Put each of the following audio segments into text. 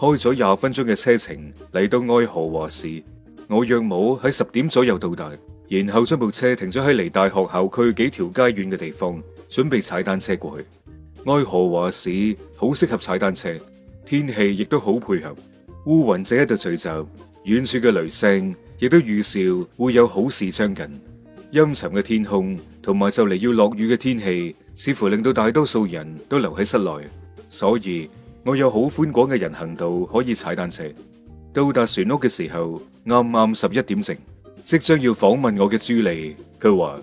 開咗廿分鐘嘅車程嚟到愛荷華市，我約莫喺十點左右到達，然後將部車停咗喺離大學校區幾條街遠嘅地方，準備踩單車過去。愛荷華市好適合踩單車，天氣亦都好配合，烏雲正喺度聚集，遠處嘅雷聲亦都預兆會有好事將近。陰沉嘅天空同埋就嚟要落雨嘅天氣，似乎令到大多數人都留喺室內，所以，我有好寬廣嘅人行道可以踩單車。到達船屋嘅時候，啱啱十一點正，即將要訪問我嘅朱莉。佢話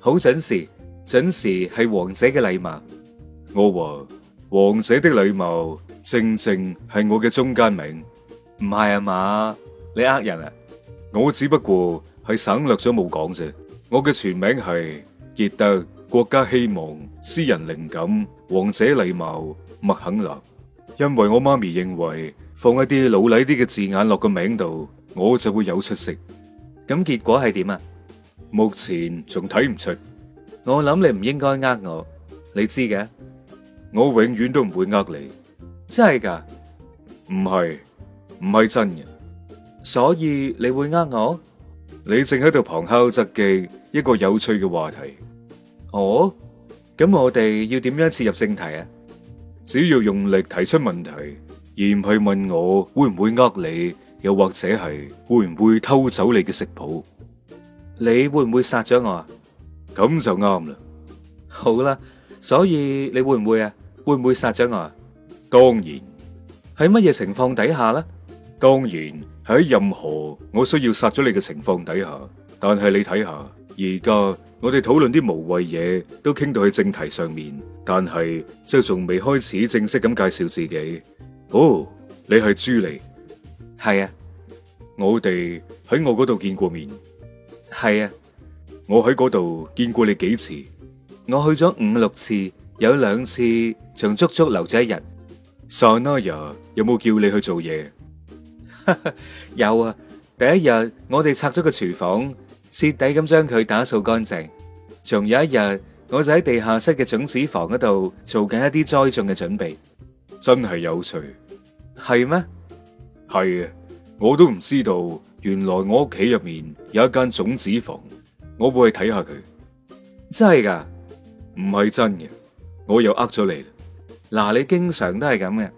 好準時，準時係王者嘅禮貌。我話王者的禮貌正正係我嘅中間名，唔係啊嘛？你呃人啊？我只不過係省略咗冇講啫。我嘅全名係傑德國家希望私人靈感王者禮貌麥肯納。因為我媽咪認為放一啲老禮啲嘅字眼落個名度，我就會有出息。咁結果係點啊？目前仲睇唔出。我諗你唔應該呃我，你知嘅。我永遠都唔會呃你。真係噶？唔係，唔係真嘅。所以你會呃我？你正喺度旁敲側擊一個有趣嘅話題。哦，咁我哋要點樣切入正題啊？只要用力提出問題，而唔係問我會唔會呃你，又或者係會唔會偷走你嘅食譜，你會唔會殺咗我啊？咁就啱啦。好啦，所以你會唔會啊？會唔會殺咗我啊？當然，喺乜嘢情況底下呢？當然喺任何我需要殺咗你嘅情況底下。但係你睇下而家。我哋討論啲無謂嘢，都傾到喺正題上面，但係就仲未開始正式咁介紹自己。哦，你係朱莉，係啊，我哋喺我嗰度見過面，係啊，我喺嗰度見過你幾次，我去咗五六次，有兩次仲足足留咗一日。Sanaya，有冇叫你去做嘢？ 有啊，第一日我哋拆咗個廚房。徹底咁將佢打掃乾淨。仲有一日，我就喺地下室嘅種子房嗰度做緊一啲栽種嘅準備，真係有趣，係咩？係啊，我都唔知道，原來我屋企入面有一間種子房，我會去睇下佢。真係噶唔係真嘅，我又呃咗你啦。嗱，啊，你經常都係咁嘅，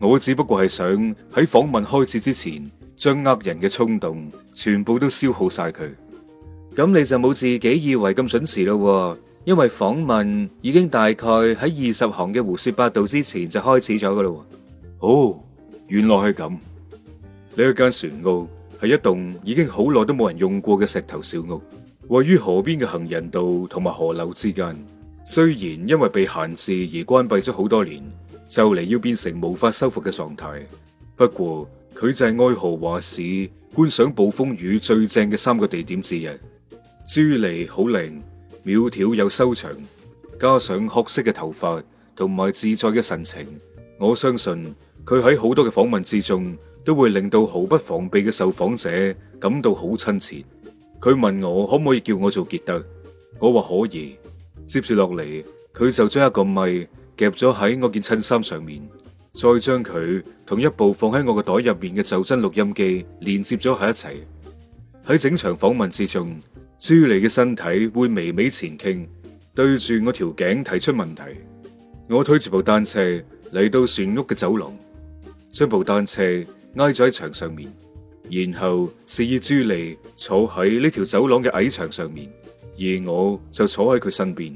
我只不過係想喺訪問開始之前，將呃人嘅衝動全部都消耗晒佢。咁你就冇自己以為咁準時咯，因為訪問已經大概喺二十行嘅胡說八道之前就開始咗㗎咯。哦，原來係咁。呢一間船屋係一棟已經好耐都冇人用過嘅石頭小屋，位於河邊嘅行人道同埋河流之間。雖然因為被限制而關閉咗好多年，就嚟要變成無法修復嘅狀態。不過佢就係愛荷華市觀賞暴風雨最正嘅三個地點之一。朱莉好靚，苗條又修長，加上褐色嘅頭髮同埋自在嘅神情，我相信佢喺好多嘅訪問之中，都會令到毫不防備嘅受訪者感到好親切。佢問我可唔可以叫我做傑德，我話可以。接住落嚟，佢就將一個咪夾咗喺我件襯衫上面，再將佢同一部放喺我個袋入面嘅袖珍錄音機連接咗喺一齊。喺整場訪問之中，朱莉嘅身體會微微前傾，對住我條頸提出問題。我推住部單車嚟到船屋嘅走廊，將部單車挨咗喺牆上面，然後示意朱莉坐喺呢條走廊嘅矮牆上面，而我就坐喺佢身邊。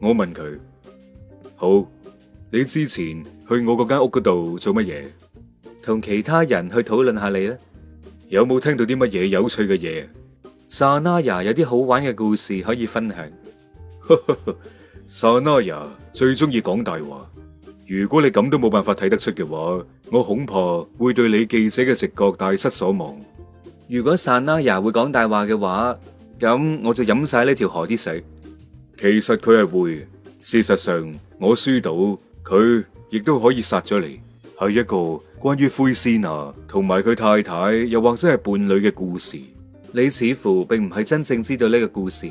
我問佢：好，你之前去我嗰間屋嗰度做乜嘢？同其他人去討論下你啦，有冇聽到啲乜嘢有趣嘅嘢？薩那亞有啲好玩嘅故事可以分享。薩那亞最中意講大話。如果你咁都冇辦法睇得出嘅話，我恐怕會對你記者嘅直覺大失所望。如果薩那亞會講大話嘅話，咁我就飲晒呢條河啲水。其實佢係會。事實上，我輸到佢亦都可以殺咗你。係一個關於灰斯娜同埋佢太太又或者係伴侶嘅故事。你似乎並唔係真正知道呢個故事，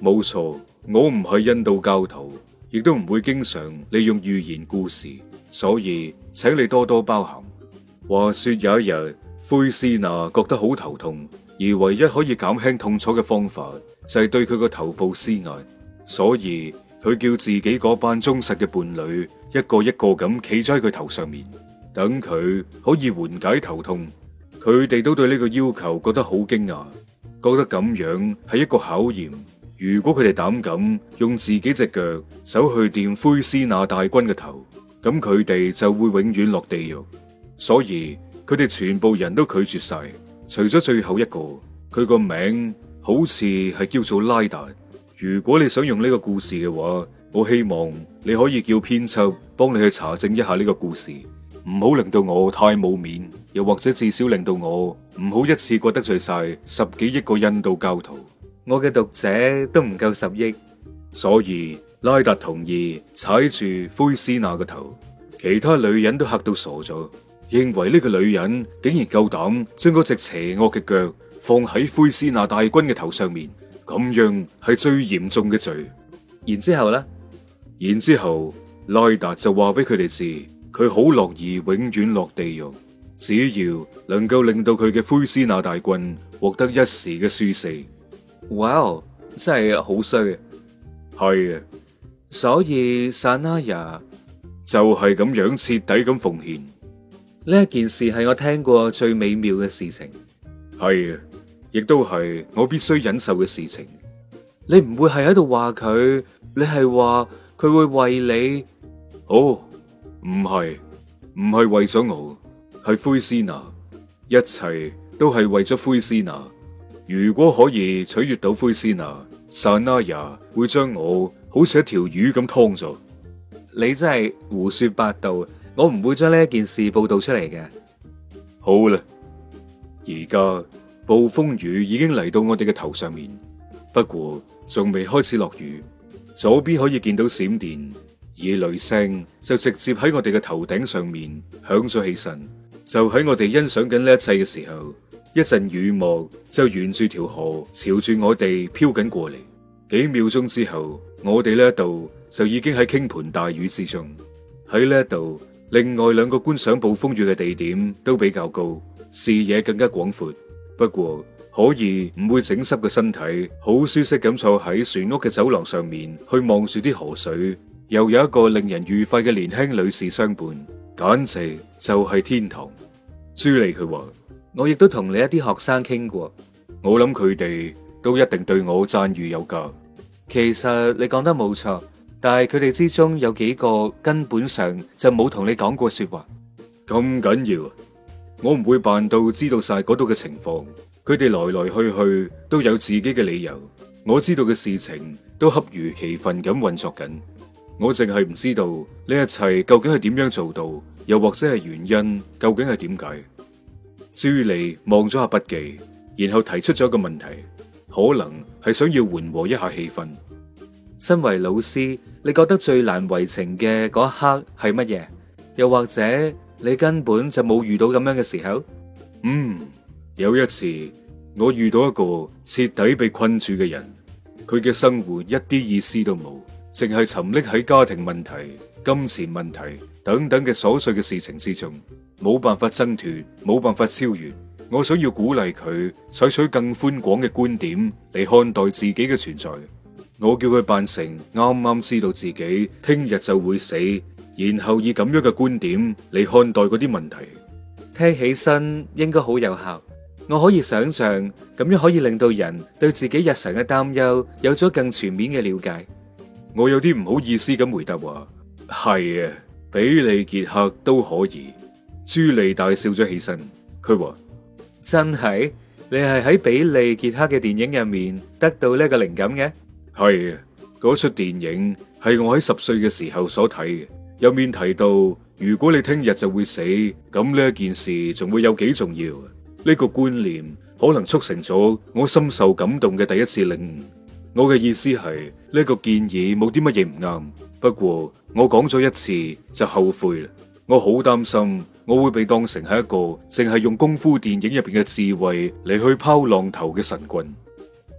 冇錯，我唔係印度教徒，亦都唔會經常利用寓言故事，所以請你多多包涵。話說有一日，灰斯娜覺得好頭痛，而唯一可以減輕痛楚嘅方法就係對佢個頭部施壓，所以佢叫自己嗰班忠實嘅伴侶一個一個咁企咗喺佢頭上面，等佢可以緩解頭痛。佢哋都對呢個要求覺得好驚訝，覺得咁樣係一個考驗。如果佢哋膽敢用自己隻腳走去掂灰斯那大軍嘅頭，咁佢哋就會永遠落地獄。所以佢哋全部人都拒絕晒，除咗最後一個，佢個名好似係叫做拉達。如果你想用呢個故事嘅話，我希望你可以叫編輯幫你去查證一下呢個故事，唔好令到我太冇面。又或者至少令到我唔好一次過得罪晒十幾億個印度教徒。我嘅讀者都唔夠十億，所以拉達同意踩住灰斯娜個頭。其他女人都嚇到傻咗，認為呢個女人竟然夠膽將嗰隻邪惡嘅腳放喺灰斯娜大軍嘅頭上面，咁樣係最嚴重嘅罪。然之後咧，然之後拉達就話俾佢哋知，佢好樂意永遠落地獄。只要能夠令到佢嘅灰斯那大棍獲得一時嘅舒適，哇，wow！真係好衰啊。係啊，所以 Sanaya 就係咁樣徹底咁奉獻呢一件事，係我聽過最美妙嘅事情。係啊，亦都係我必須忍受嘅事情。你唔會係喺度話佢，你係話佢會為你？哦，唔係唔係為咗我。係灰斯娜，一切都係為咗灰斯娜。如果可以取悦到灰斯娜，薩那亞會將我好似一條魚咁劏咗。你真係胡說八道，我唔會將呢一件事報道出嚟嘅。好啦，而家暴風雨已經嚟到我哋嘅頭上面，不過仲未開始落雨。左邊可以見到閃電，而雷聲就直接喺我哋嘅頭頂上面響咗起身。就喺我哋欣賞緊呢一切嘅時候，一陣雨幕就沿住條河朝住我哋飄緊過嚟。幾秒鐘之後，我哋呢一度就已經喺傾盆大雨之中。喺呢一度，另外兩個觀賞暴風雨嘅地點都比較高，視野更加廣闊。不過可以唔會整濕個身體，好舒適咁坐喺船屋嘅走廊上面去望住啲河水，又有一個令人愉快嘅年輕女士相伴。簡直就係天堂。朱莉佢話：我亦都同你一啲學生傾過，我諗佢哋都一定對我讚譽有加。其實你講得冇錯，但係佢哋之中有幾個根本上就冇同你講過說話。咁緊要？我唔會扮到知道晒嗰度嘅情況。佢哋來來去去都有自己嘅理由。我知道嘅事情都恰如其分咁運作緊。我淨係唔知道呢一切究竟係點樣做到，又或者係原因究竟係點解？朱莉望咗下筆記，然後提出咗個問題，可能係想要緩和一下氣氛。身為老師，你覺得最難為情嘅嗰一刻係乜嘢？又或者你根本就冇遇到咁樣嘅時候？嗯，有一次我遇到一個徹底被困住嘅人，佢嘅生活一啲意思都冇，淨係沉溺喺家庭問題、金錢問題等等嘅瑣碎嘅事情之中，冇辦法掙脫，冇辦法超越。我想要鼓勵佢採取更寬廣嘅觀點嚟看待自己嘅存在。我叫佢扮成啱啱知道自己聽日就會死，然後以咁樣嘅觀點嚟看待嗰啲問題。聽起身應該好有效，我可以想象咁樣可以令到人對自己日常嘅擔憂有咗更全面嘅了解。我有啲唔好意思咁回答話，係啊，比利傑克都可以。朱莉大笑咗起身，佢話：真係，你係喺比利傑克嘅電影入面得到呢個靈感嘅。係啊，嗰出電影係我喺十歲嘅時候所睇嘅，入面提到如果你聽日就會死，咁呢一件事仲會有幾重要？呢個觀念可能促成咗我深受感動嘅第一次領悟。我嘅意思係呢個建議冇啲乜嘢唔啱，不過我講咗一次就後悔啦。我好擔心我會被當成係一個淨係用功夫電影入邊嘅智慧嚟去拋浪頭嘅神棍。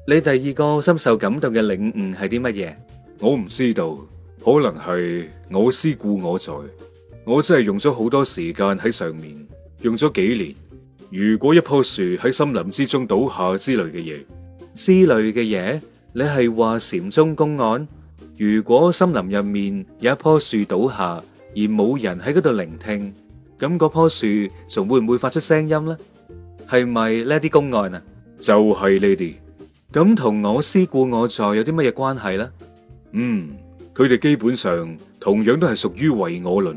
你第二個深受感動嘅領悟係啲乜嘢？我唔知道，可能係我思故我在，我真係用咗好多時間喺上面，用咗幾年。如果一棵樹喺森林之中倒下之類嘅嘢，之類嘅嘢。你係話禪宗公案？如果森林入面有一棵樹倒下，而冇人喺嗰度聆聽，咁嗰棵樹仲會唔會發出聲音咧？係咪呢啲公案啊？就係呢啲。咁同我思故我在有啲乜嘢關係咧？嗯，佢哋基本上同樣都係屬於唯我論。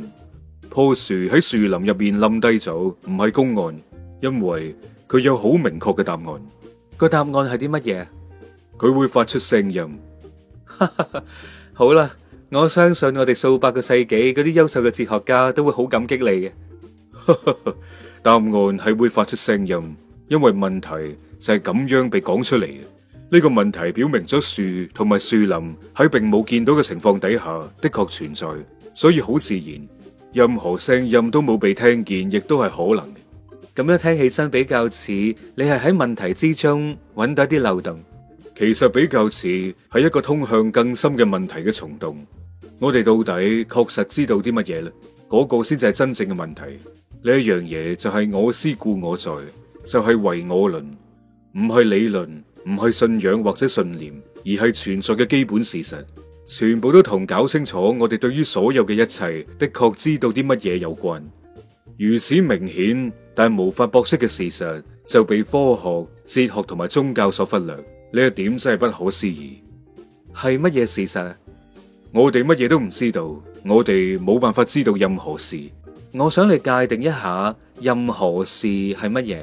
棵樹喺樹林入面冧低咗，唔係公案，因為佢有好明確嘅答案。個答案係啲乜嘢？佢會發出聲音，好啦，我相信我哋數百個世紀嗰啲優秀嘅哲學家都會好感激你嘅。答案係會發出聲音，因為問題就係咁樣被講出嚟嘅。呢個問題表明咗樹同埋樹林喺並冇見到嘅情況底下的確存在，所以好自然，任何聲音都冇被聽見，亦都係可能。咁樣聽起身比較似你係喺問題之中揾到一啲漏洞。其實比較似係一個通向更深嘅問題嘅蟲洞。我哋到底確實知道啲乜嘢咧？嗰、那個先至係真正嘅問題。呢一樣嘢就係我思故我在，就係、是、唯我論，唔係理論，唔係信仰或者信念，而係存在嘅基本事實。全部都同搞清楚我哋對於所有嘅一切的確知道啲乜嘢有關。如此明顯但無法駁斥嘅事實，就被科學、哲學同埋宗教所忽略。呢一點真係不可思議，係乜嘢事實？我哋乜嘢都唔知道，我哋冇辦法知道任何事。我想你界定一下，任何事係乜嘢？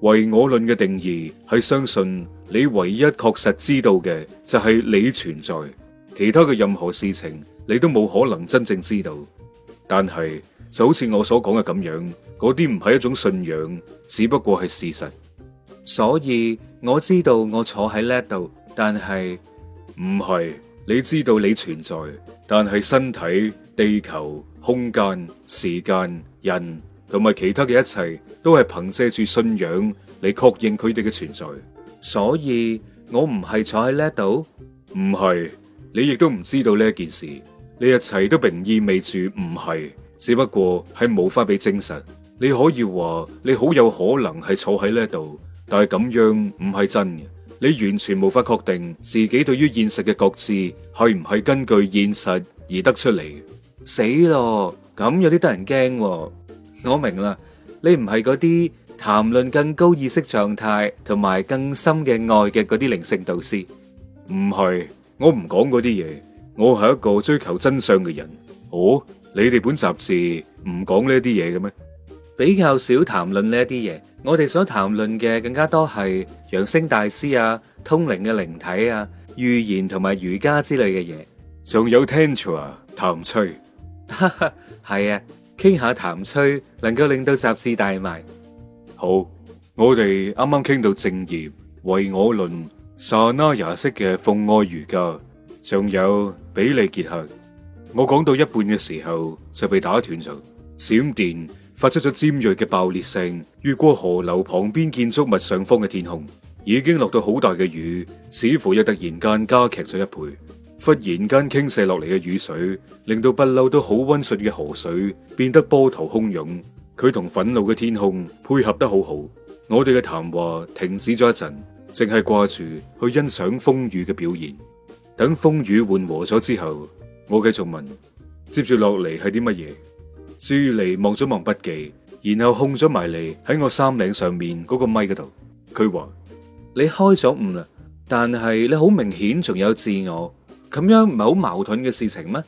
唯我論嘅定義係相信你唯一確實知道嘅就係你存在，其他嘅任何事情你都冇可能真正知道。但係就好似我所講嘅咁樣，嗰啲唔係一種信仰，只不過係事實。所以我知道我坐喺呢度，但係唔係你知道你存在，但係身體、地球、空間、時間、人同埋其他嘅一切都係憑借住信仰嚟確認佢哋嘅存在。所以我唔係坐喺呢度，唔係你亦都唔知道呢一件事，你一切都並唔意味住唔係，只不過係冇法被證實。你可以話你好有可能係坐喺呢度。但係咁樣唔係真嘅，你完全無法確定自己對於現實嘅覺知係唔係根據現實而得出嚟。死咯，咁有啲得人驚。我明啦，你唔係嗰啲談論更高意識狀態同埋更深嘅愛嘅嗰啲靈性導師，唔係，我唔講嗰啲嘢。我係一個追求真相嘅人。哦，你哋本雜誌唔講呢啲嘢嘅咩？比較少談論呢啲嘢。我哋所談論嘅更加多係揚聲大師啊，通靈嘅靈體啊，預言同埋瑜伽之類嘅嘢。仲有 Tantra 談吹，係 啊，傾下談吹能夠令到雜誌大賣。好，我哋啱啱傾到正業，為我論 Sanaa 式嘅奉愛瑜伽。仲有比利傑克。我講到一半嘅時候就被打斷咗。閃電。發出咗尖銳嘅爆裂聲，越過河流旁邊建築物上方嘅天空，已經落到好大嘅雨，似乎又突然間加劇咗一倍。忽然間傾瀉落嚟嘅雨水，令到不嬲都好溫順嘅河水變得波濤洶湧。佢同憤怒嘅天空配合得好好。我哋嘅談話停止咗一陣，淨係掛住去欣賞風雨嘅表現。等風雨緩和咗之後，我繼續問，接住落嚟係啲乜嘢？朱莉望咗望筆記，然後控咗埋嚟喺我衫領上面嗰個咪嗰度。佢話：你開咗悟啦，但係你好明顯仲有自我，咁樣唔係好矛盾嘅事情咩？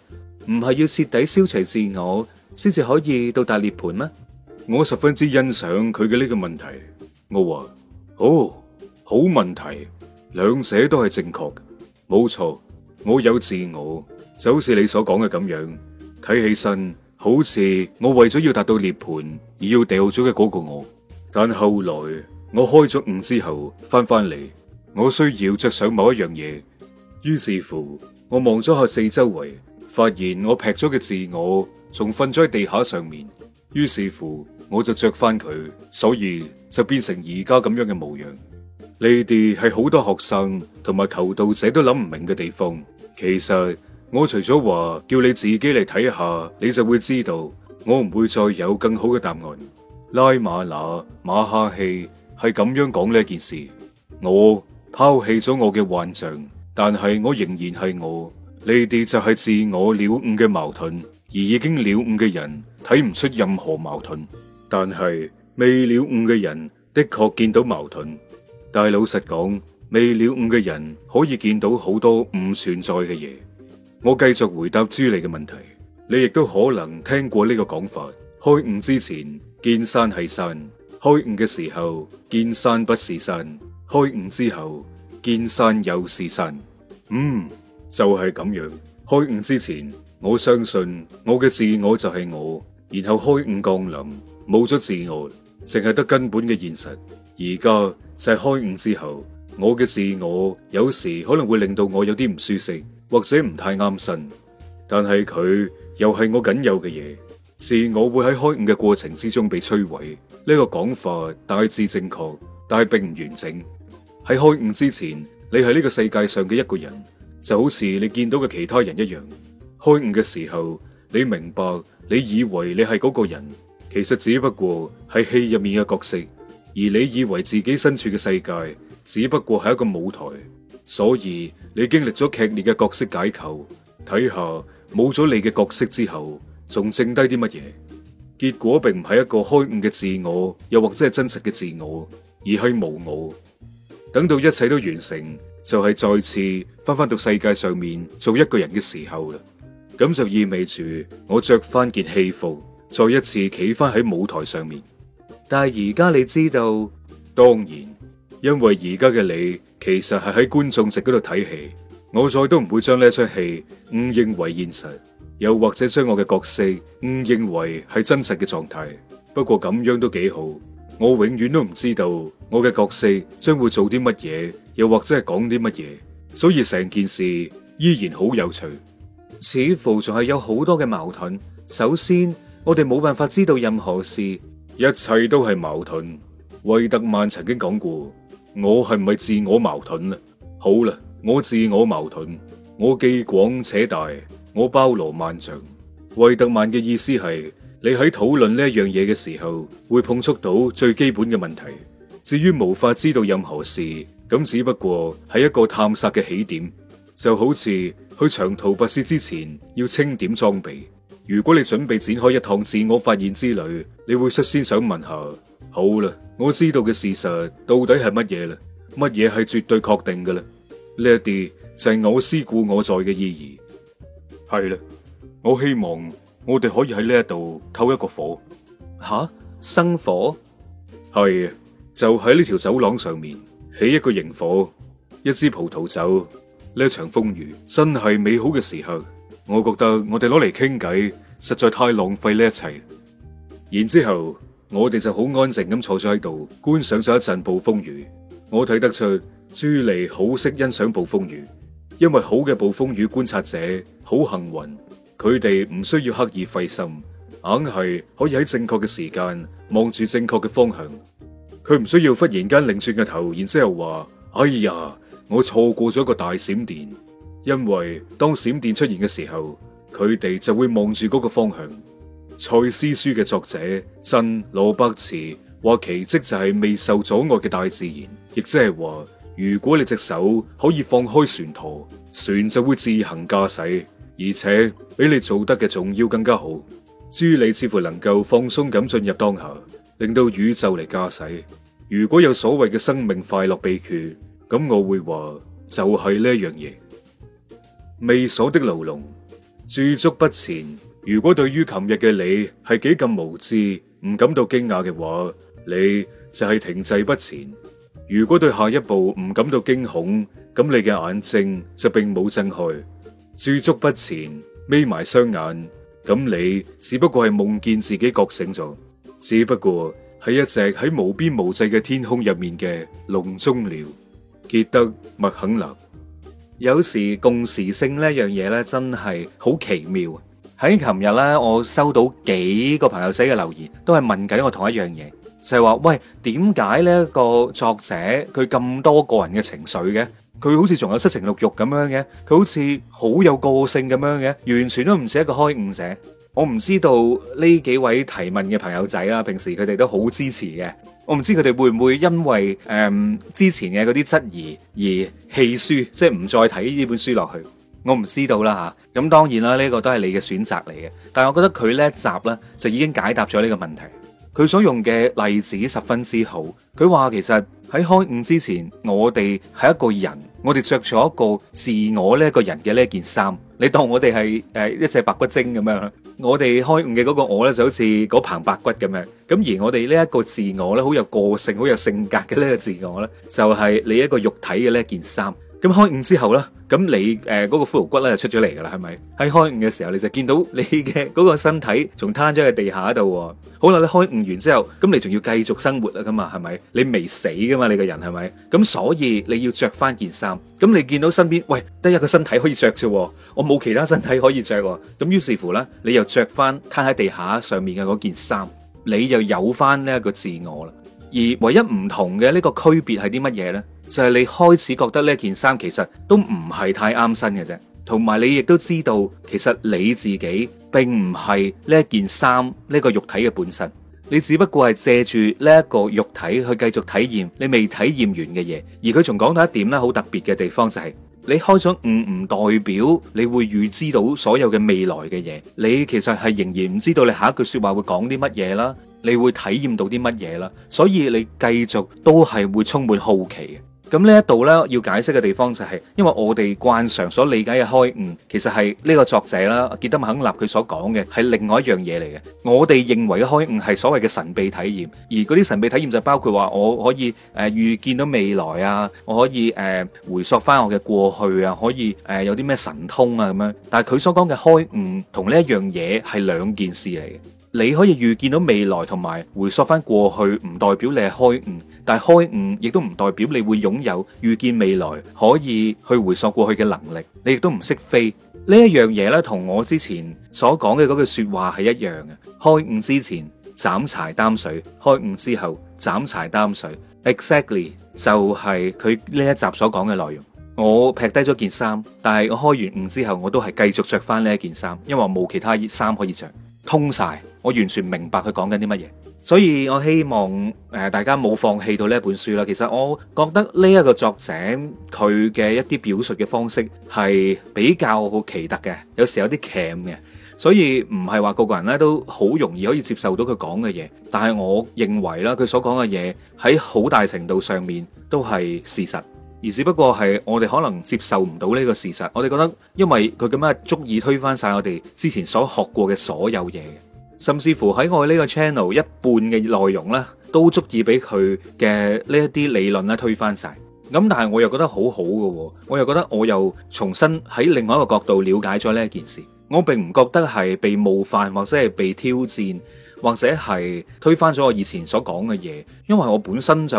唔係要徹底消除自我先至可以到達涅盤咩？我十分之欣賞佢嘅呢個問題。我話：哦，好問題，兩者都係正確，冇錯。我有自我就好似你所講嘅咁樣，睇起身。好似我為咗要達到涅槃而要掉咗嘅嗰個我，但後來我開咗悟之後翻返嚟，我需要着上某一樣嘢，於是乎我望咗下四周圍，發現我劈咗嘅自我仲瞓咗喺地下上面，於是乎我就着翻佢，所以就變成而家咁樣嘅模樣。你哋係好多學生同埋求道者都諗唔明嘅地方，其實。我除咗話叫你自己嚟睇下，你就會知道我唔會再有更好嘅答案。拉馬那馬哈希係咁樣講呢件事。我拋棄咗我嘅幻象，但係我仍然係我。你哋就係自我了悟嘅矛盾，而已經了悟嘅人睇唔出任何矛盾。但係未了悟嘅人的確見到矛盾。但係老實講，未了悟嘅人可以見到好多唔存在嘅嘢。我繼續回答朱莉嘅問題，你亦都可能聽過呢個講法：開悟之前見山係山，開悟嘅時候見山不是山，開悟之後見山又是山。嗯，就係噉樣。開悟之前，我相信我嘅自我就係我，然後開悟降臨，冇咗自我，淨係得根本嘅現實。而家就係開悟之後，我嘅自我有時可能會令到我有啲唔舒適。或者唔太啱身，但係佢又係我僅有嘅嘢。自我會喺開悟嘅過程之中被摧毀。呢個講法大致正確，但係並唔完整。喺開悟之前，你係呢個世界上嘅一個人，就好似你見到嘅其他人一樣。開悟嘅時候，你明白你以為你係嗰個人，其實只不過係戲入面嘅角色，而你以為自己身處嘅世界，只不過係一個舞台。所以你經歷咗劇烈嘅角色解構，睇下冇咗你嘅角色之後，仲剩低啲乜嘢？結果並唔係一個開悟嘅自我，又或者係真實嘅自我，而係無我。等到一切都完成，就係再次翻返到世界上面做一個人嘅時候啦。咁就意味住我着翻件戲服，再一次企翻喺舞台上面。但係而家你知道，當然，因為而家嘅你。其實係喺觀眾席嗰度睇戲，我再都唔會將呢齣戲誤認為現實，又或者將我嘅角色誤認為係真實嘅狀態。不過咁樣都幾好，我永遠都唔知道我嘅角色將會做啲乜嘢，又或者係講啲乜嘢，所以成件事依然好有趣。似乎仲係有好多嘅矛盾。首先，我哋冇辦法知道任何事，一切都係矛盾。惠特曼曾經講過。我係唔係自我矛盾啦？好啦，我自我矛盾，我既廣且大，我包羅萬象。惠特曼嘅意思係，你喺討論呢一樣嘢嘅時候，會碰觸到最基本嘅問題。至於無法知道任何事，咁只不過係一個探索嘅起點，就好似去長途跋涉之前要清點裝備。如果你準備展開一趟自我發現之旅，你會率先想問下。好啦，我知道嘅事實到底係乜嘢啦？乜嘢係絕對確定嘅咧？呢一啲就係我思故我在嘅意義。係啦，我希望我哋可以喺呢一度透一個火。吓，生火？係，就喺呢條走廊上面起一個營火，一支葡萄酒，呢一場風雨真係美好嘅時候，我覺得我哋攞嚟傾偈實在太浪費呢一切。然之後，我哋就好安靜咁坐咗喺度觀賞咗一陣暴風雨。我睇得出朱莉好識欣賞暴風雨，因為好嘅暴風雨觀察者好幸運，佢哋唔需要刻意費心，硬係可以喺正確嘅時間望住正確嘅方向。佢唔需要忽然間擰轉個頭，然之後話：哎呀，我錯過咗個大閃電。因為當閃電出現嘅時候，佢哋就會望住嗰個方向。蔡思書嘅作者真羅伯茨話：奇蹟就係未受阻礙嘅大自然，亦即係話如果你隻手可以放開船舵，船就會自行駕駛，而且比你做得嘅仲要更加好。朱利似乎能夠放鬆咁進入當下，令到宇宙嚟駕駛。如果有所謂嘅生命快樂秘訣，咁我會話就係呢樣嘢。未鎖的牢籠，駐足不前。如果對於琴日嘅你係幾咁無知，唔感到驚訝嘅話，你就係停滯不前；如果對下一步唔感到驚恐，咁你嘅眼睛就並冇睜開，駐足不前，眯埋雙眼，咁你只不過係夢見自己覺醒咗，只不過係一隻喺無邊無際嘅天空入面嘅籠中鳥。傑德麥肯納，有時共時性呢樣嘢咧，真係好奇妙。喺琴日咧，我收到幾個朋友仔嘅留言，都係問緊我同一樣嘢，就係話，喂，點解呢一個作者佢咁多個人嘅情緒嘅？佢好似仲有七情六欲咁樣嘅，佢好似好有個性咁樣嘅，完全都唔似一個開悟者。我唔知道呢幾位提問嘅朋友仔啦，平時佢哋都好支持嘅，我唔知佢哋會唔會因為誒之前嘅嗰啲質疑而棄書，即係唔再睇呢本書落去。我唔知道啦吓。咁當然啦，呢個都係你嘅選擇嚟嘅。但係我覺得佢呢一集呢，就已經解答咗呢個問題。佢所用嘅例子十分之好。佢話其實喺開悟之前，我哋係一個人，我哋着咗一個自我呢一個人嘅呢件衫。你當我哋係誒一隻白骨精咁樣，我哋開悟嘅嗰個我呢，就好似嗰棚白骨咁樣。咁而我哋呢一個自我呢，好有個性、好有性格嘅呢個自我呢，就係你一個肉體嘅呢件衫。咁開悟之後啦，咁你誒嗰、呃嗰個骷髏骨咧就出咗嚟噶啦，係咪？喺開悟嘅時候，你就見到你嘅嗰個身體仲攤咗喺地下度。好啦，你開悟完之後，咁你仲要繼續生活啦，噶嘛，係咪？你未死噶嘛，你個人係咪？咁所以你要着翻件衫，咁你見到身邊，喂，得一個身體可以着啫，我冇其他身體可以着。咁於是乎啦，你又着翻攤喺地下上面嘅嗰件衫，你就有翻呢一個自我啦。而唯一唔同嘅呢個區別係啲乜嘢咧？就係你開始覺得呢件衫其實都唔係太啱身嘅啫，同埋你亦都知道其實你自己並唔係呢件衫呢個肉體嘅本身，你只不過係借住呢一個肉體去繼續體驗你未體驗完嘅嘢。而佢仲講到一點咧，好特別嘅地方就係你開咗悟唔代表你會預知到所有嘅未來嘅嘢，你其實係仍然唔知道你下一句說話會講啲乜嘢啦，你會體驗到啲乜嘢啦，所以你繼續都係會充滿好奇。咁呢一度呢，要解釋嘅地方就係、是，因為我哋慣常所理解嘅開悟，其實係呢個作者啦，傑德麥肯納佢所講嘅係另外一樣嘢嚟嘅。我哋認為嘅開悟係所謂嘅神秘體驗，而嗰啲神秘體驗就包括話我可以誒預、呃、見到未來啊，我可以誒、呃、回溯翻我嘅過去啊，可以誒、呃、有啲咩神通啊咁樣。但係佢所講嘅開悟同呢一樣嘢係兩件事嚟嘅。你可以預見到未來同埋回溯翻過去，唔代表你係開悟，但係開悟亦都唔代表你會擁有預見未來可以去回溯過去嘅能力。你亦都唔識飛呢一樣嘢呢，同我之前所講嘅嗰句說話係一樣嘅。開悟之前斬柴擔水，開悟之後斬柴擔水，exactly 就係佢呢一集所講嘅內容。我劈低咗件衫，但係我開完悟之後，我都係繼續着翻呢一件衫，因為我冇其他衫可以着，通晒。我完全明白佢講緊啲乜嘢，所以我希望誒大家冇放棄到呢本書啦。其實我覺得呢一個作者佢嘅一啲表述嘅方式係比較好奇特嘅，有時有啲強嘅，所以唔係話個個人咧都好容易可以接受到佢講嘅嘢。但係我認為啦，佢所講嘅嘢喺好大程度上面都係事實，而只不過係我哋可能接受唔到呢個事實。我哋覺得因為佢咁樣足以推翻晒我哋之前所學過嘅所有嘢。甚至乎喺我呢個 channel 一半嘅內容咧，都足以俾佢嘅呢一啲理論咧推翻晒。咁但係我又覺得好好嘅，我又覺得我又重新喺另外一個角度了解咗呢一件事。我並唔覺得係被冒犯或者係被挑戰。或者係推翻咗我以前所講嘅嘢，因為我本身就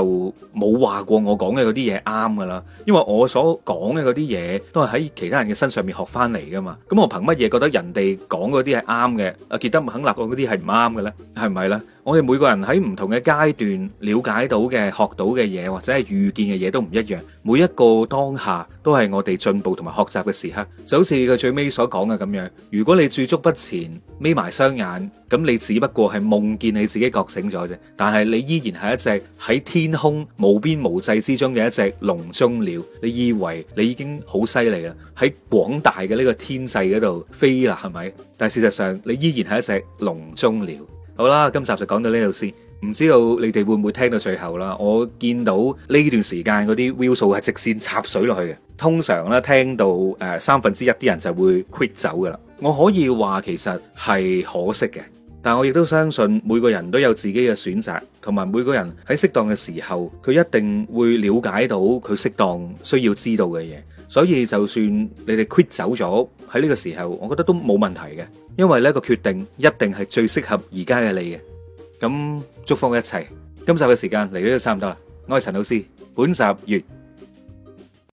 冇話過我講嘅嗰啲嘢啱噶啦，因為我所講嘅嗰啲嘢都係喺其他人嘅身上面學翻嚟噶嘛，咁我憑乜嘢覺得人哋講嗰啲係啱嘅？阿、啊、傑德肯納講嗰啲係唔啱嘅咧，係唔係咧？我哋每個人喺唔同嘅階段了解到嘅、學到嘅嘢，或者係遇見嘅嘢都唔一樣。每一個當下都係我哋進步同埋學習嘅時刻。就好似佢最尾所講嘅咁樣，如果你駐足不前，眯埋雙眼，咁你只不過係夢見你自己覺醒咗啫。但係你依然係一隻喺天空無邊無際之中嘅一隻籠中鳥。你以為你已經好犀利啦，喺廣大嘅呢個天際嗰度飛啦，係咪？但事實上你依然係一隻籠中鳥。好啦，今集就講到呢度先。唔知道你哋會唔會聽到最後啦？我見到呢段時間嗰啲 view 數係直線插水落去嘅，通常咧聽到誒、呃、三分之一啲人就會 quit 走噶啦。我可以話其實係可惜嘅，但我亦都相信每個人都有自己嘅選擇，同埋每個人喺適當嘅時候，佢一定會了解到佢適當需要知道嘅嘢。所以就算你哋 quit 走咗，喺呢個時候，我覺得都冇問題嘅，因為呢個決定一定係最適合而家嘅你嘅。咁祝福一齊，今集嘅時間嚟到都差唔多啦。我係陳老師，本集完。